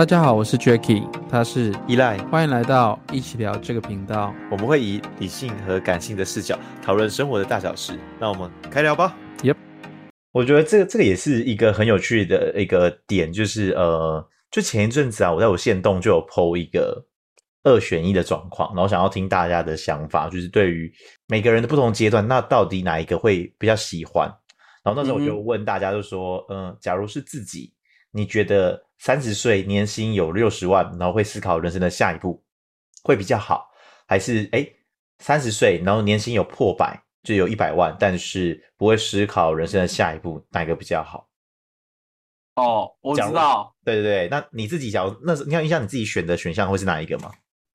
大家好，我是 Jacky，他是依賴，Eli，歡迎來到一起聊這個頻道。我們會以理性和感性的視角討論生活的大小事。那我們開聊吧。Yep，我覺得這個這個也是一個很有趣的一個點，就是呃，就前一陣子啊，我在我限動就有 po 一個二選一的狀況，然後想要聽大家的想法，就是對於每個人的不同階段，那到底哪一個會比較喜歡？然後那時候我就問大家，就說，嗯，嗯、呃，假如是自己，你覺得？三十歲年薪有六十萬，然後會思考人生的下一步，會比較好，還是哎三十歲然後年薪有破百就有一百萬，但是不會思考人生的下一步，哪一個比較好？哦，我知道，對對對，那你自己講，那你想一下你自己選的選項會是哪一個嗎？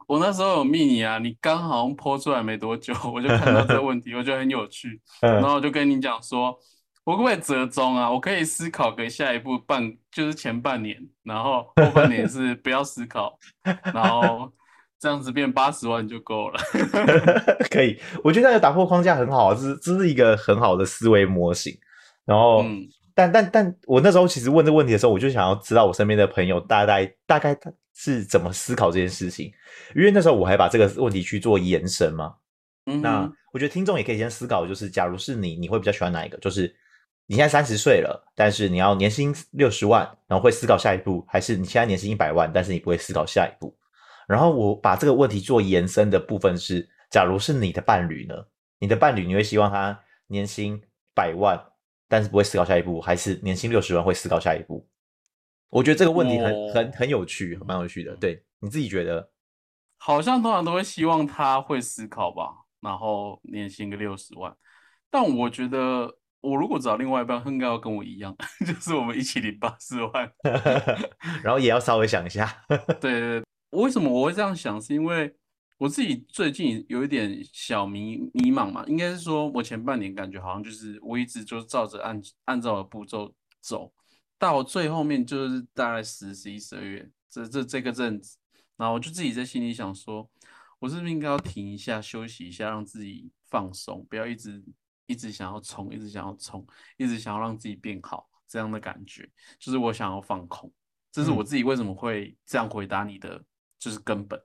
我那時候有密你啊，你剛好像 po 出來沒多久，我就看到這個問題， 我覺得很有趣， 然後我就跟你講說，我可不可以折中啊，我可以思考個下一步半，就是前半年。然後後半年是不要思考， 然後這樣子變八十萬就夠了 可以，我覺得這個打破框架很好，這是這是一個很好的思維模型。然後，嗯、但但但我那時候其實問這個問題的時候，我就想要知道我身邊的朋友大概大概他是怎麼思考這件事情，因為那時候我還把這個問題去做延伸嘛。嗯、那我覺得聽眾也可以先思考，就是假如是你，你會比較喜歡哪一個？就是。你現在三十歲了，但是你要年薪六十萬，然後會思考下一步，還是你現在年薪一百萬，但是你不會思考下一步？然後我把這個問題做延伸的部分是：假如是你的伴侶呢？你的伴侶你會希望他年薪百萬，但是不會思考下一步，還是年薪六十萬會思考下一步？我覺得這個問題很很很有趣，很蠻有趣的。對，你自己覺得？好像通常都會希望他會思考吧，然後年薪個六十萬，但我覺得。我如果找另外一半，應該要跟我一樣，就是我們一起領八十萬， 然後也要稍微想一下。 對對對，我為什麼我會這樣想？是因為我自己最近有一點小迷迷茫嘛，應該是說，我前半年感覺好像就是我一直就照着按按照我的步驟走，到最後面就是大概十、十一、十二月這這這個陣子，然後我就自己在心裡想說，我是不是應該要停一下，休息一下，讓自己放鬆，不要一直。一直想要衝，一直想要衝，一直想要讓自己變好，這樣的感覺就是我想要放空，這是我自己為什麼會這樣回答你的，嗯、就是根本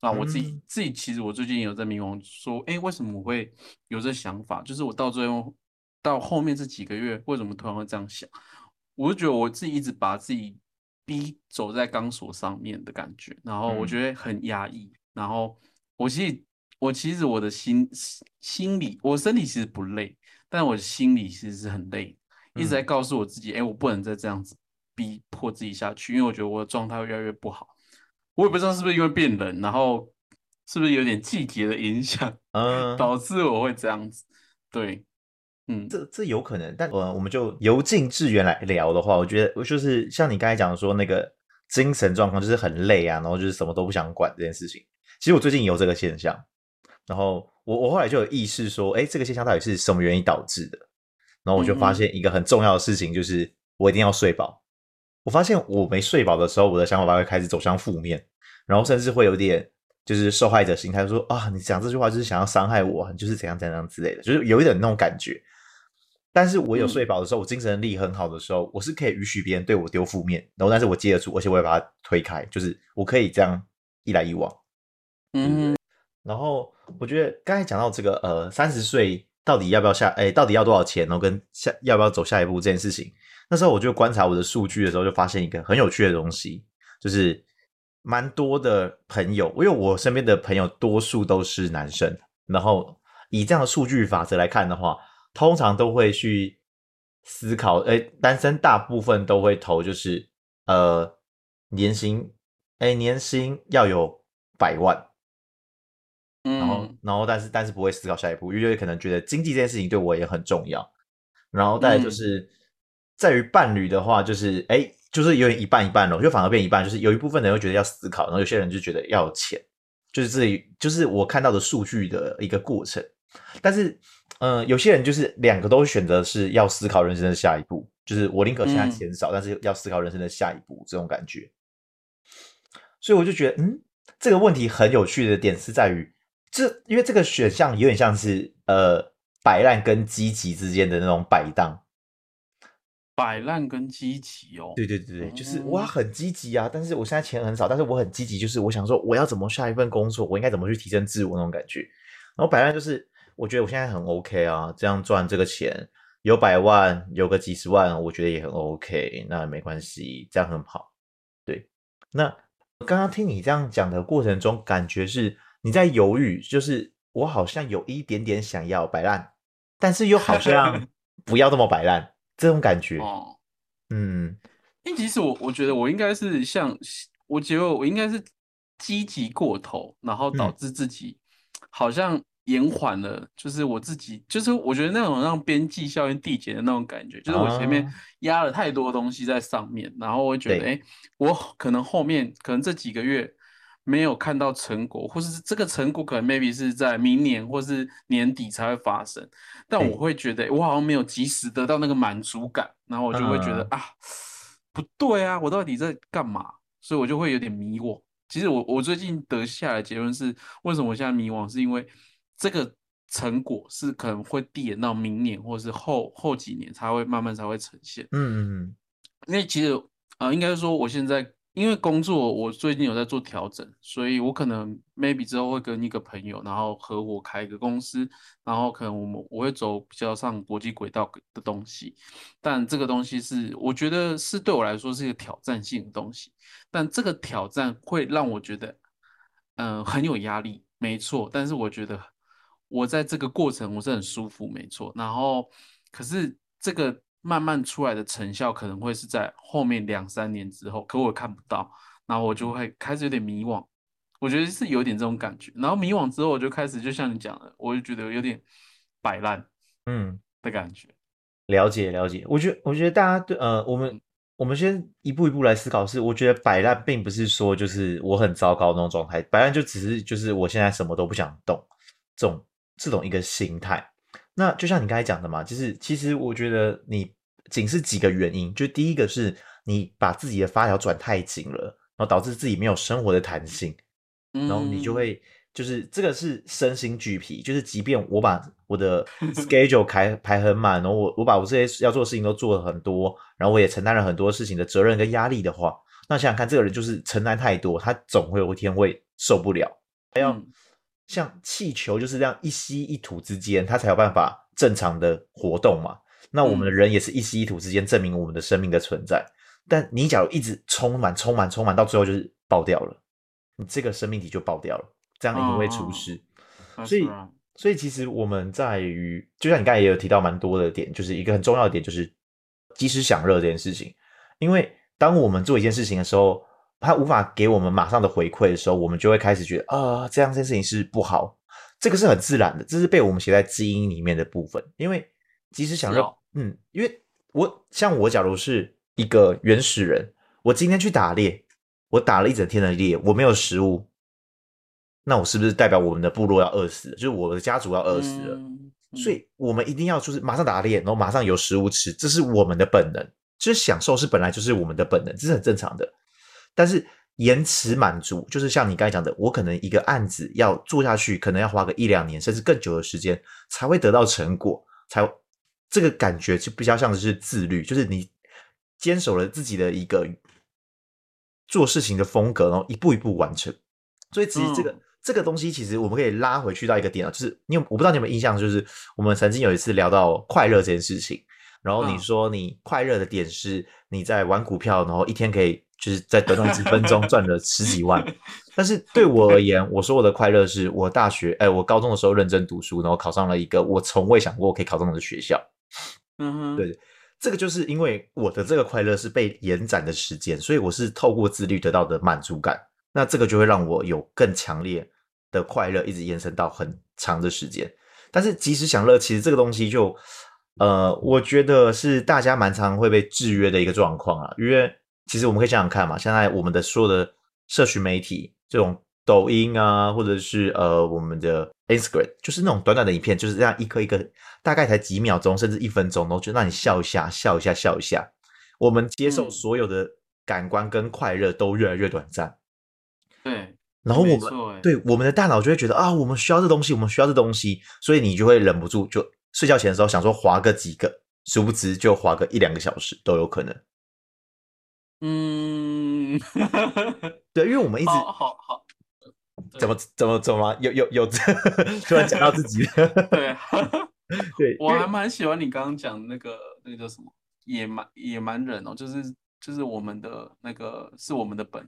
啊！我自己、嗯、自己其實我最近有在迷茫說，誒、欸，為什麼我會有這想法？就是我到最後到後面這幾個月，為什麼突然會這樣想？我就覺得我自己一直把自己逼走在鋼索上面的感覺，然後我覺得很壓抑、嗯，然後我其實我其實我的心。心理，我身體其實不累，但我心裡其實是很累，一直在告訴我自己，哎、嗯欸，我不能再這樣子逼迫自己下去，因為我覺得我的狀態會越來越不好。我也不知道是不是因為變冷，然後是不是有點季節的影響，嗯，導致我會這樣子。對，嗯，這這有可能。但我我們就由近至遠來聊的話，我覺得我就是像你剛才講的說那個精神狀況就是很累啊，然後就是什麼都不想管這件事情。其實我最近有這個現象，然後。我我後來就有意識說，哎、欸，這個現象到底是什麼原因導致的？然後我就發現一個很重要的事情，就是、嗯、我一定要睡飽。我發現我沒睡飽的時候，我的想法會開始走向負面，然後甚至會有點就是受害者心態，說啊，你講這句話就是想要傷害我，你就是怎樣怎樣怎樣之類的，就是有一點那種感覺。但是我有睡飽的時候，我精神力很好的時候，我是可以允許別人對我丟負面，然後但是我接得住，而且我也把它推開，就是我可以這樣一來一往。嗯。然後我覺得剛才講到這個呃，三十歲到底要不要下，哎，到底要多少錢，然後跟下要不要走下一步這件事情，那時候我就觀察我的數據的時候，就發現一個很有趣的東西，就是蠻多的朋友，因為我身邊的朋友多數都是男生，然後以這樣的數據法則來看的話，通常都會去思考，哎，單身大部分都會投就是呃年薪，哎，年薪要有百萬。然後，然後，但是，但是不會思考下一步，因為可能覺得經濟這件事情對我也很重要。然後，再來就是、嗯、在於伴侶的話，就是哎，就是有一半一半咯，就反而變一半，就是有一部分人會覺得要思考，然後有些人就覺得要錢，就是這裡，就是我看到的數據的一個過程。但是，嗯、呃，有些人就是兩個都選擇是要思考人生的下一步，就是我寧可現在錢少、嗯，但是要思考人生的下一步這種感覺。所以我就覺得，嗯，這個問題很有趣的點是在於。這因為這個選項有點像是呃，擺爛跟積極之間的那種擺盪，擺爛跟積極哦，對對對對，就是我很積極啊，但是我現在錢很少，但是我很積極，就是我想說我要怎麼下一份工作，我應該怎麼去提升自我那種感覺。然後擺爛就是我覺得我現在很 OK 啊，這樣賺這個錢有百萬有個幾十萬，我覺得也很 OK，那也沒關係，這樣很好。對，那剛剛聽你這樣講的過程中，感覺是。你在猶豫，就是我好像有一點點想要擺爛，但是又好像不要這麼擺爛， 這種感覺。哦、嗯，因為其實我我覺得我應該是像，我覺得我應該是積極過頭，然後導致自己好像延緩了，就是我自己、嗯，就是我覺得那種讓邊際效應遞減的那種感覺，哦、就是我前面壓了太多東西在上面，然後我覺得，哎、欸，我可能後面可能這幾個月。沒有看到成果，或是這個成果可能 maybe 是在明年或是年底才會發生，但我會覺得我好像沒有及時得到那個滿足感，然後我就會覺得、嗯、啊，不對啊，我到底在幹嘛？所以我就會有點迷惘。其實我我最近得下的結論是，為什麼我現在迷惘？是因為這個成果是可能會遞延到明年或是後後幾年才會慢慢才會呈現。嗯嗯嗯，因為其實啊、呃，應該說我現在。因為工作，我最近有在做調整，所以我可能 maybe 之後會跟一個朋友，然後合夥開一個公司，然後可能我們我會走比較上國際軌道的東西，但這個東西是我覺得是對我來說是一個挑戰性的東西，但這個挑戰會讓我覺得，嗯、呃，很有壓力，沒錯。但是我覺得我在這個過程我是很舒服，沒錯。然後可是這個。慢慢出來的成效可能會是在後面兩三年之後，可我看不到，然後我就會開始有點迷惘，我覺得是有點這種感覺。然後迷惘之後，我就開始就像你講的，我就覺得有點擺爛，嗯的感覺。嗯、了解了解，我覺得我覺得大家對，呃，我們我們先一步一步來思考。是，我覺得擺爛並不是說就是我很糟糕那種狀態，擺爛就只是就是我現在什麼都不想動，這種這種一個心態。那就像你剛才講的嘛，就是其實我覺得你僅是幾個原因，就第一個是你把自己的發條轉太緊了，然後導致自己沒有生活的彈性，嗯、然後你就會就是這個是身心俱疲。就是即便我把我的 schedule 排 排很滿，然後我我把我這些要做的事情都做了很多，然後我也承擔了很多事情的責任跟壓力的話，那想想看，這個人就是承擔太多，他總會有一天會受不了。還有嗯像氣球就是這樣一吸一吐之間，它才有辦法正常的活動嘛。那我們的人也是一吸一吐之間，證明我們的生命的存在。嗯、但你假如一直充滿、充滿、充滿，到最後就是爆掉了，你這個生命體就爆掉了，這樣一定會出事，哦。所以，所以其實我們在於，就像你剛才也有提到蠻多的點，就是一個很重要的點，就是及時享樂這件事情。因為當我們做一件事情的時候，他無法給我們馬上的回饋的時候，我們就會開始覺得啊、呃，這樣這件事情是不好，這個是很自然的，這是被我們寫在基因裡面的部分。因為即使想要嗯，因為我像我假如是一個原始人，我今天去打獵，我打了一整天的獵，我沒有食物，那我是不是代表我們的部落要餓死了？就是我的家族要餓死了、嗯？所以我們一定要就是馬上打獵，然後馬上有食物吃，這是我們的本能。就是享受是本來就是我們的本能，這是很正常的。但是延遲滿足就是像你剛才講的，我可能一個案子要做下去，可能要花個一兩年甚至更久的時間才會得到成果，才這個感覺就比較像是自律，就是你堅守了自己的一個做事情的風格，然後一步一步完成。所以其實這個、嗯、這個東西，其實我們可以拉回去到一個點啊，就是你我不知道你有沒有印象，就是我們曾經有一次聊到快樂這件事情，然後你說你快樂的點是你在玩股票，然後一天可以。就是在短短幾分鐘賺了十幾萬， 但是對我而言，我說我的快樂是我大學誒、欸、我高中的時候認真讀書，然後考上了一個我從未想過我可以考上的學校。嗯哼，對，這個就是因為我的這個快樂是被延展的時間，所以我是透過自律得到的滿足感，那這個就會讓我有更強烈的快樂，一直延伸到很長的時間。但是，即時享樂，其實這個東西就呃，我覺得是大家蠻常會被制約的一個狀況啊，因為。其實我們可以想想看嘛，現在我們的所有的社群媒體，這種抖音啊，或者是呃我們的 Instagram，就是那種短短的影片，就是這樣一顆一顆，大概才幾秒鐘，甚至一分鐘，然後就讓你笑一下，笑一下，笑一下。我們接受所有的感官跟快樂都越來越短暫。嗯、對，然後我們對我們的大腦就會覺得啊，我們需要這東西，我們需要這東西，所以你就會忍不住就睡覺前的時候想說滑個幾個，殊不知就滑個一兩個小時都有可能。嗯，哈哈哈，對，因為我們一直好好、oh, oh, oh, oh.，怎麼怎麼怎麼了？有有有，有 突然講到自己 對，對 對，我還蠻喜歡你剛剛講的那個那個叫什麼野蠻野蠻人哦，就是就是我們的那個是我們的本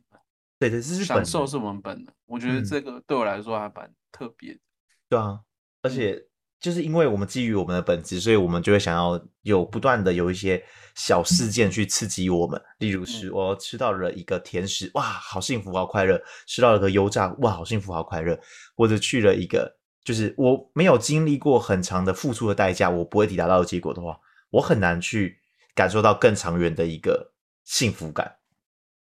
對對，是享受是我們本能，我覺得這個對我來說還蠻特別的、嗯，對啊，而且。嗯就是因為我們基於我們的本質，所以我們就會想要有不斷的有一些小事件去刺激我們。例如是我吃到了一個甜食，哇，好幸福，好快樂；吃到了一個油炸，哇，好幸福，好快樂。或者去了一個，就是我沒有經歷過很長的付出的代價，我不會抵達到的結果的話，我很難去感受到更長遠的一個幸福感。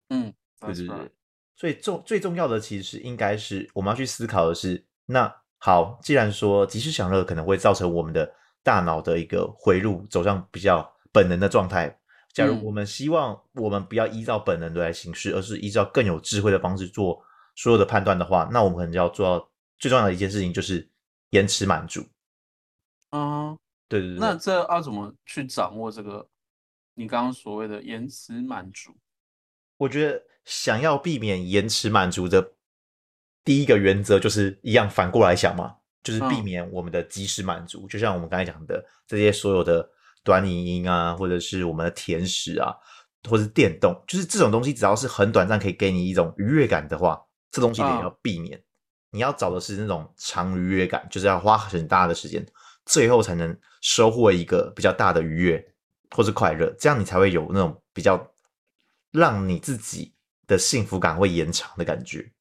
嗯，就是，不是、嗯、所以重最，最重要的，其實應該是我們要去思考的是那。好，既然說及時享樂可能會造成我們的大腦的一個回路，走向比較本能的狀態，假如我們希望我們不要依照本能的來行事、嗯，而是依照更有智慧的方式做所有的判斷的話，那我們可能就要做到最重要的一件事情，就是延遲滿足。嗯，對對對。那這要怎麼去掌握這個？你剛剛所謂的延遲滿足，我覺得想要避免延遲滿足的。第一個原則就是一樣，反過來想嘛，就是避免我們的即時滿足、嗯，就像我們剛才講的這些所有的短影音啊，或者是我們的甜食啊，或者是電動，就是這種東西，只要是很短暫可以給你一種愉悅感的話，這東西也要避免、嗯。你要找的是那種長愉悅感，就是要花很大的時間，最後才能收穫一個比較大的愉悅或是快樂，這樣你才會有那種比較讓你自己的幸福感會延長的感覺。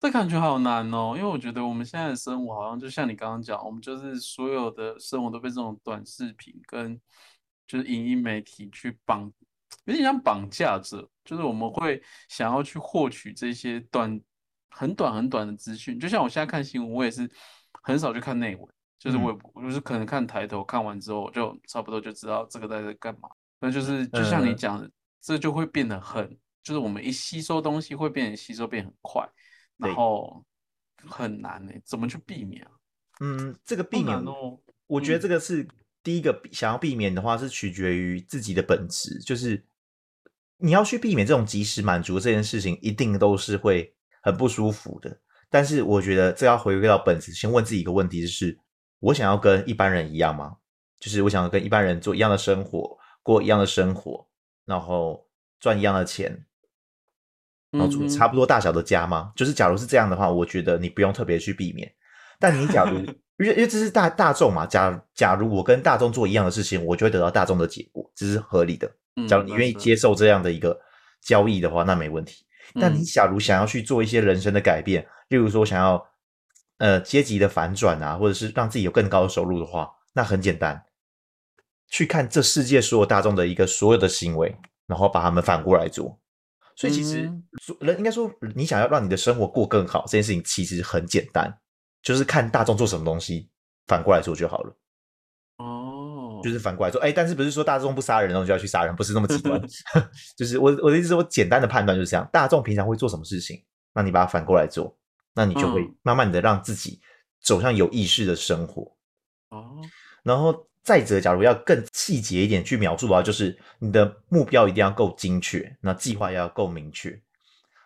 這感覺好難哦，因為我覺得我們現在的生活好像就像你剛剛講，我們就是所有的生活都被這種短視頻跟就是影音媒體去綁，有點像綁架者，就是我們會想要去獲取這些短很短很短的資訊。就像我現在看新聞，我也是很少去看內文，就是我、嗯、就是可能看抬頭，看完之後我就差不多就知道這個在在幹嘛。那就是就像你講的，嗯嗯，這就會變得很，就是我們一吸收東西會變得吸收變很快。然後很難呢、欸，怎麼去避免、啊、嗯，這個避免，哦、我覺得這個是、嗯、第一個想要避免的話，是取決於自己的本質，就是你要去避免這種及時滿足這件事情，一定都是會很不舒服的。但是我覺得這要回歸到本質，先問自己一個問題，就是我想要跟一般人一樣嗎？就是我想要跟一般人做一樣的生活，過一樣的生活，嗯、然後賺一樣的錢。然後做差不多大小的家嗎？Mm -hmm. 就是假如是這樣的話，我覺得你不用特別去避免。但你假如 因為因為這是大大眾嘛，假假如我跟大眾做一樣的事情，我就會得到大眾的結果，這是合理的。假如你願意接受這樣的一個交易的話，mm -hmm. 那沒問題。但你假如想要去做一些人生的改變，mm -hmm. 例如說想要呃階級的反轉啊，或者是讓自己有更高的收入的話，那很簡單，去看這世界所有大眾的一個所有的行為，然後把他們反過來做。所以其實人應該說，你想要讓你的生活過更好這件事情，其實很簡單，就是看大眾做什麼東西，反過來做就好了。哦、oh.，就是反過來做，哎，但是不是說大眾不殺人、哦，然後就要去殺人，不是那麼極端。 就是我我的意思，我簡單的判斷就是這樣：大眾平常會做什麼事情，那你把它反過來做，那你就會慢慢的讓自己走向有意識的生活。哦、oh.，然後。再者，假如要更細節一點去描述的話，就是你的目標一定要夠精確，那計劃要夠明確。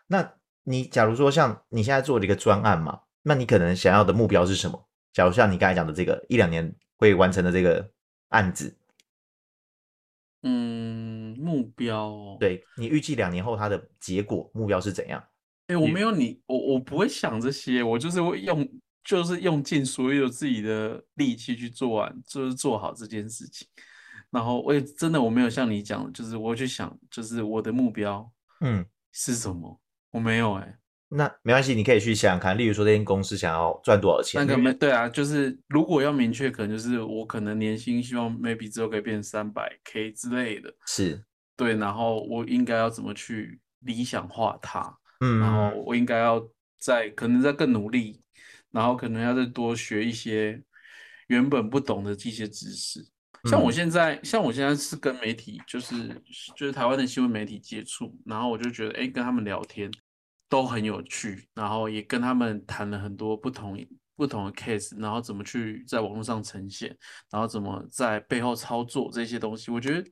那你假如說像你現在做的一個專案嘛，那你可能想要的目標是什麼？假如像你剛才講的這個一兩年會完成的這個案子，嗯，目標哦，對，你預計兩年後它的結果，目標是怎樣？哎，我沒有你，我我不會想這些，我就是會用。就是用盡所有自己的力氣去做完，就是做好這件事情。然後我也真的我沒有像你講，就是我去想，就是我的目標，嗯，是什麼？嗯、我沒有哎、欸。那沒關係，你可以去想想看。例如說，這間公司想要賺多少錢？那個沒對啊，就是如果要明確，可能就是我可能年薪希望 maybe 之後可以變三百 K 之類的。是，對。然後我應該要怎麼去理想化它？嗯，嗯。然後我應該要再可能再更努力。然後可能要再多學一些原本不懂的這些知識。像我現在，嗯、像我現在是跟媒體，就是就是台灣的新聞媒體接觸，然後我就覺得，哎，跟他們聊天都很有趣，然後也跟他們談了很多不同不同的 case，然後怎麼去在網絡上呈現，然後怎麼在背後操作這些東西，我覺得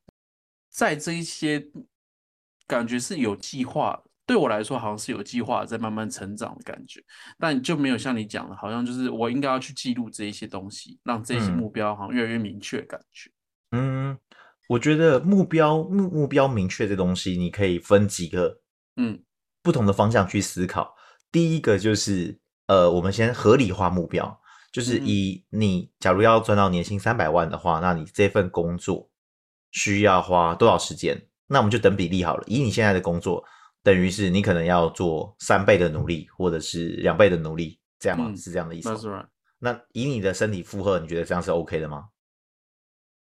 在這一些感覺是有計劃。對我來說，好像是有計劃在慢慢成長的感覺，但就沒有像你講的，好像就是我應該要去記錄這一些東西，讓這些目標好像越來越明確的感覺。嗯，我覺得目標目目標明確這東西，你可以分幾個嗯不同的方向去思考。嗯、第一個就是呃，我們先合理化目標，就是以你假如要賺到年薪三百萬的話，那你這份工作需要花多少時間？那我們就等比例好了，以你現在的工作。等於是你可能要做三倍的努力，或者是兩倍的努力，這樣嗎？嗯、是這樣的意思嗎？那以你的身體負荷，你覺得這樣是 OK 的嗎？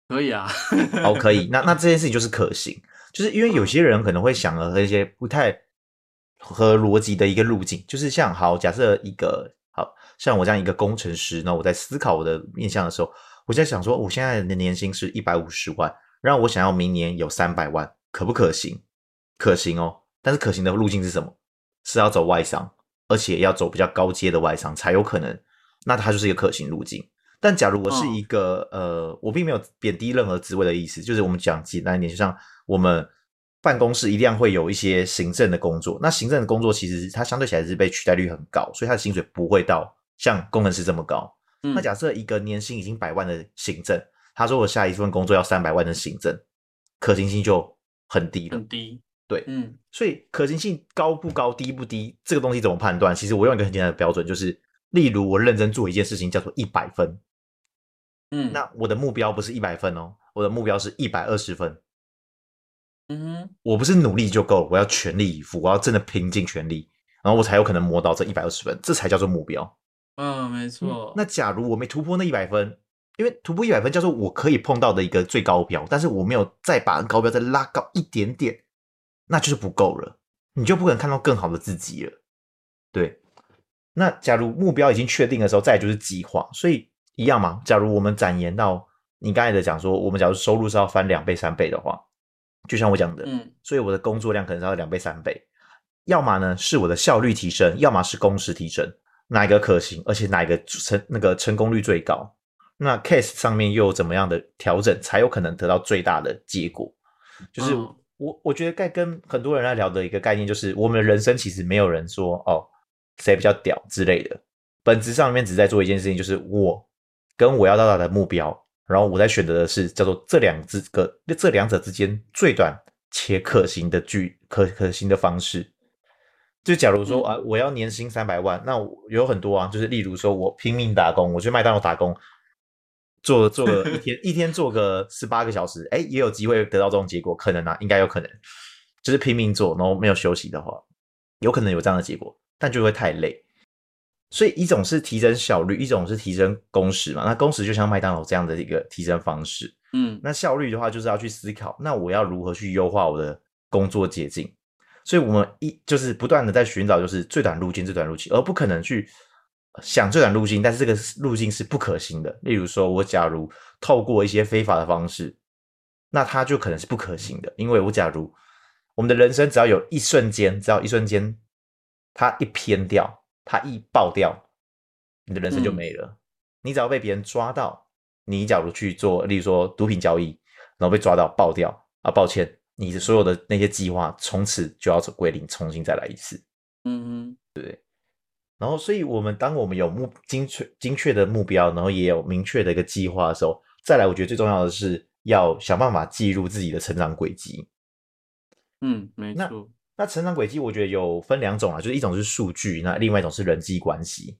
可以啊，好，可以。 那那這件事情就是可行，就是因為有些人可能會想了一些不太合邏輯的一個路徑，就是像好，假設一個，好像我這樣一個工程師呢，那我在思考我的面向的時候，我在想說，我現在的年薪是一百五十萬，然後我想要明年有三百萬，可不可行？可行哦。但是可行的路徑是什麼？是要走外商，而且要走比較高階的外商才有可能。那它就是一個可行路徑。但假如我是一個、哦、呃，我並沒有貶低任何職位的意思，就是我們講簡單一點，就像我們辦公室一定會有一些行政的工作。那行政的工作其實它相對起來是被取代率很高，所以它的薪水不會到像工程師這麼高。嗯、那假設一個年薪已經百萬的行政，他說我下一份工作要三百萬的行政，可行性就很低了。很低。對，嗯，所以可行性高不高，低不低，這個東西怎麼判斷？其實我用一個很簡單的標準，就是，例如我認真做一件事情，叫做一百分，嗯，那我的目標不是一百分哦，我的目標是一百二十分，嗯哼，我不是努力就夠，我要全力以赴，我要真的拼盡全力，然後我才有可能摸到這一百二十分，這才叫做目標。嗯，沒錯。那假如我沒突破那一百分，因為突破一百分叫做我可以碰到的一個最高標，但是我沒有再把高標再拉高一點點。那就是不夠了，你就不可能看到更好的自己了。對，那假如目標已經確定的時候，再就是計劃。所以一樣嘛，假如我們展言到你剛才的講說，我們假如收入是要翻兩倍三倍的話，就像我講的，嗯，所以我的工作量可能是要兩倍三倍，要麼呢是我的效率提升，要麼是工時提升，哪一個可行，而且哪一個成那個成功率最高？那 case 上面又怎麼樣的調整，才有可能得到最大的結果？就是。嗯我我覺得該跟很多人來聊的一個概念，就是我們的人生其實沒有人說哦誰比較屌之類的，本質上面只在做一件事情，就是我跟我要到達的目標，然後我在選擇的是叫做這兩之個這兩者之間最短且可行的距，可可行的方式。就假如說、嗯、啊，我要年薪三百萬，那有很多啊，就是例如說我拼命打工，我去麥當勞打工。做了做了一天， 一天做個十八個小時，誒也有機會得到這種結果，可能啊，應該有可能，就是拼命做，然後沒有休息的話，有可能有這樣的結果，但就會太累。所以一種是提升效率，一種是提升工時嘛。那工時就像麥當勞這樣的一個提升方式，嗯，那效率的話，就是要去思考，那我要如何去優化我的工作捷徑。所以，我們一就是不斷的在尋找，就是最短路徑、最短路徑，而不可能去。想這段路徑，但是這個路徑是不可行的。例如說，我假如透過一些非法的方式，那它就可能是不可行的。因為我假如我們的人生，只要有一瞬間，只要一瞬間，它一偏掉，它一爆掉，你的人生就沒了。嗯、你只要被別人抓到，你假如去做，例如說毒品交易，然後被抓到爆掉啊，抱歉，你的所有的那些計劃從此就要從歸零，重新再來一次。嗯哼，對不對？然後，所以我們當我們有目精確、精確的目標，然後也有明確的一個計劃的時候，再來，我覺得最重要的是要想辦法記錄自己的成長軌迹。嗯，沒錯。那，那成長軌跡，我覺得有分兩種啊，就是一種是數據，那另外一種是人際關係。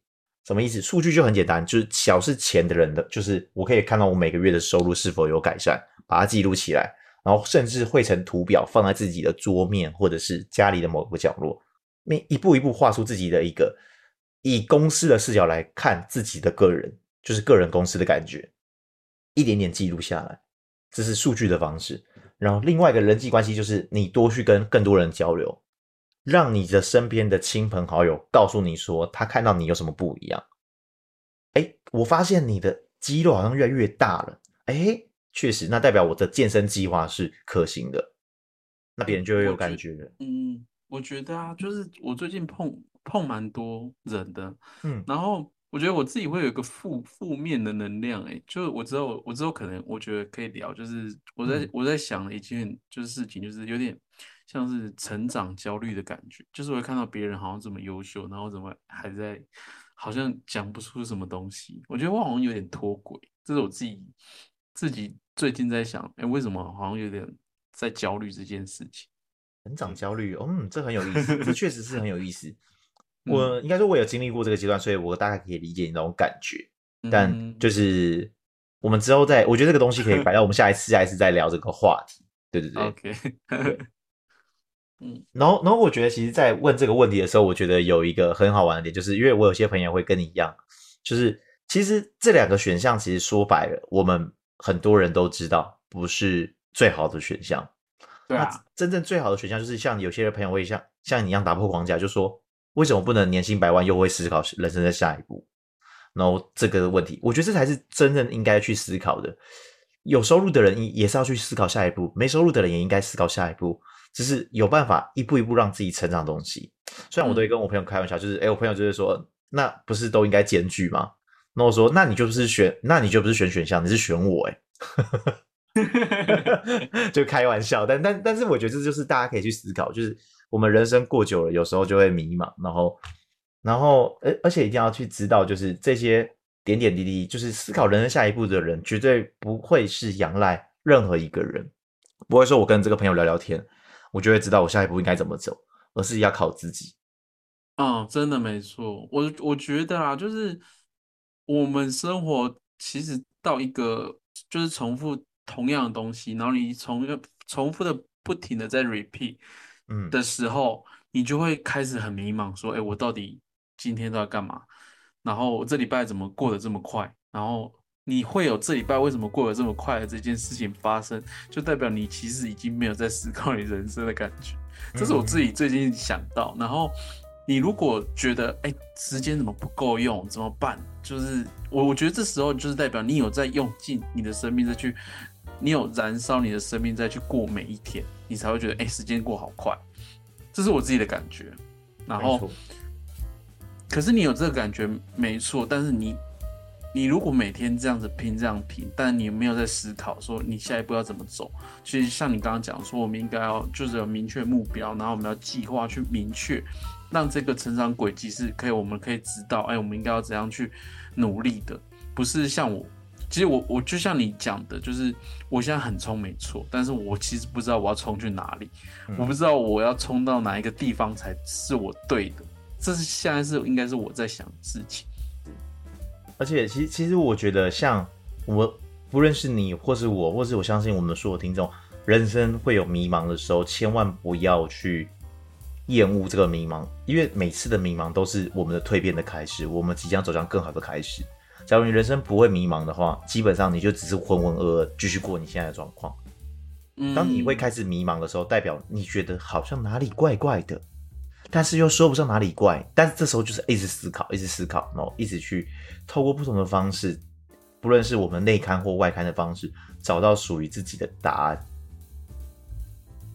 什麼意思？數據就很簡單，就是小是錢的人的，就是我可以看到我每個月的收入是否有改善，把它記錄起來，然後甚至繪成圖表，放在自己的桌面或者是家裡的某個角落，每一步一步畫出自己的一個。以公司的視角來看自己的個人，就是個人公司的感覺，一點點記錄下來，這是數據的方式。然後另外一個人際關係就是你多去跟更多人交流，讓你的身邊的親朋好友告訴你說，他看到你有什麼不一樣。哎，我發現你的肌肉好像越來越大了。哎，確實，那代表我的健身計劃是可行的。那別人就會有感覺了。我覺得，嗯，我覺得啊，就是我最近碰。碰蠻多人的，嗯，然後我覺得我自己會有一個負負面的能量、欸，誒，就我之後我之後可能我覺得可以聊，就是我在，嗯、我在想一件就是事情，就是有點像是成長焦慮的感覺，就是我會看到別人好像這麼優秀，然後怎麼還在好像講不出什麼東西，我覺得我好像有點脫軌，這是我自己自己最近在想，哎，欸，為什麼好像有點在焦慮這件事情，成長焦慮，哦，嗯，這很有意思，這確實是很有意思。 我應該說，我有經歷過這個階段，所以我大概可以理解你那種感覺。但就是我們之後再，我覺得這個東西可以擺到我們下一次 下一次再聊這個話題。對對對，OK 對。然後然後我覺得，其實，在問這個問題的時候，我覺得有一個很好玩的點，就是因為我有些朋友會跟你一樣，就是其實這兩個選項，其實說白了，我們很多人都知道不是最好的選項。對啊，真正最好的選項就是像有些朋友會像像你一樣打破框架，就是說。為什麼不能年薪百萬又會思考人生的下一步？然後這個問題，我覺得這才是真正應該去思考的。有收入的人也是要去思考下一步，沒收入的人也應該思考下一步，只是有辦法一步一步讓自己成長東西。雖然我都會跟我朋友開玩笑，嗯、就是，哎，我朋友就是說，那不是都應該兼具嗎？那我說，那你就不是選，那你就不是選選項，你是選我、欸，哎， 就開玩笑。但但但是，我覺得這就是大家可以去思考，就是。我們人生過久了，有時候就會迷茫，然後，然後，而而且一定要去知道，就是這些點點滴滴，就是思考人生下一步的人，絕對不會是仰賴任何一個人，不會說我跟這個朋友聊聊天，我就會知道我下一步應該怎麼走，而是要靠自己。嗯，真的沒錯，我我覺得啊，就是我們生活其實到一個就是重複同樣的東西，然後你重複重複的不停的在 repeat。嗯，的時候你就會開始很迷茫，說：“哎、欸，我到底今天都要幹嘛？然後我這禮拜怎麼過得這麼快？然後你會有這禮拜為什麼過得這麼快的這件事情發生，就代表你其實已經沒有在思考你人生的感覺。這是我自己最近想到。嗯、然後你如果覺得哎、欸、時間怎麼不夠用怎麼辦？就是我我覺得這時候就是代表你有在用盡你的生命在去。”你有燃燒你的生命再去過每一天，你才會覺得哎、欸，時間過好快，這是我自己的感覺。然後，沒錯。可是你有這個感覺沒錯，但是你，你如果每天這樣子拼這樣拼，但你沒有在思考說你下一步要怎麼走。其實像你剛剛講說，我們應該要就是有明確目標，然後我們要計劃去明確，讓這個成長軌跡是可以，我們可以知道，哎、欸，我們應該要怎樣去努力的，不是像我。其實我我就像你講的，就是我現在很衝，沒錯，但是我其實不知道我要衝去哪裡、嗯，我不知道我要衝到哪一個地方才是我對的。這是現在是應該是我在想事情。而且，其實其實我覺得，像我不認識你，或是我，或是我相信我們所有聽眾，人生會有迷茫的時候，千萬不要去厭惡這個迷茫，因為每次的迷茫都是我們的蛻變的開始，我們即將走向更好的開始。假如你人生不會迷茫的話，基本上你就只是渾渾噩噩繼續過你現在的狀況。當你會開始迷茫的時候，代表你覺得好像哪裡怪怪的，但是又說不上哪裡怪。但是這時候就是一直思考，一直思考，然後一直去透過不同的方式，不論是我們內刊或外刊的方式，找到屬於自己的答案。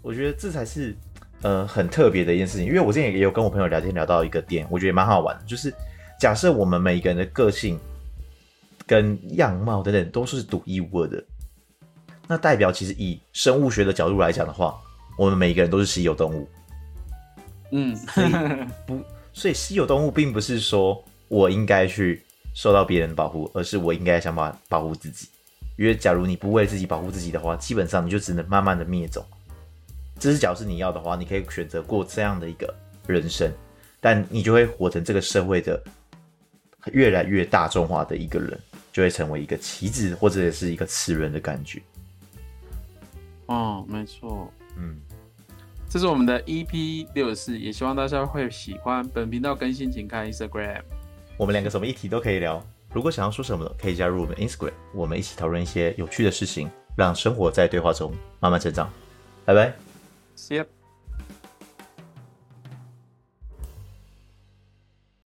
我覺得這才是呃很特別的一件事情。因為我之前也有跟我朋友聊天，聊到一個點，我覺得蠻好玩，就是假設我們每一個人的個性。跟樣貌等等都是獨一無二的，那代表其實以生物學的角度來講的話，我們每一個人都是稀有動物。嗯，不，所以稀有動物並不是說我應該去受到別人的保護，而是我應該想辦法保護自己。因為假如你不為自己保護自己的話，基本上你就只能慢慢的滅種。只是，假如是你要的話，你可以選擇過這樣的一個人生，但你就會活成這個社會的越來越大眾化的一個人。就會成為一個棋子，或者也是一個齒輪的感覺。哦，沒錯，嗯，這是我們的 EP 64，也希望大家會喜歡本頻道更新，請看 Instagram。我們兩個什麼議題都可以聊，如果想要說什麼，可以加入我們 Instagram，我們一起討論一些有趣的事情，讓生活在對話中慢慢成長。拜拜，See you.